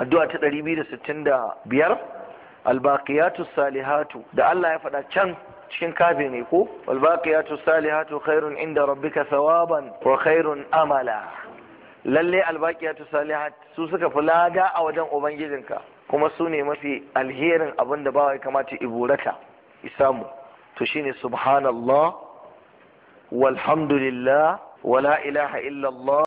addu'a ta ɗari biyar albaqiyatu salihatu da Allah ya faɗa can cikin kafi ne ko albaqiyatu salihatu khairun inda rabbika thawaban wa khairun amala lalle albaqiyatu salihat su suka fi lada a wajen ubangijinka kuma su ne mafi alherin abin da bawai ya kamata iburata isamu to shine subhanallah walhamdulillah wala ilaha illallah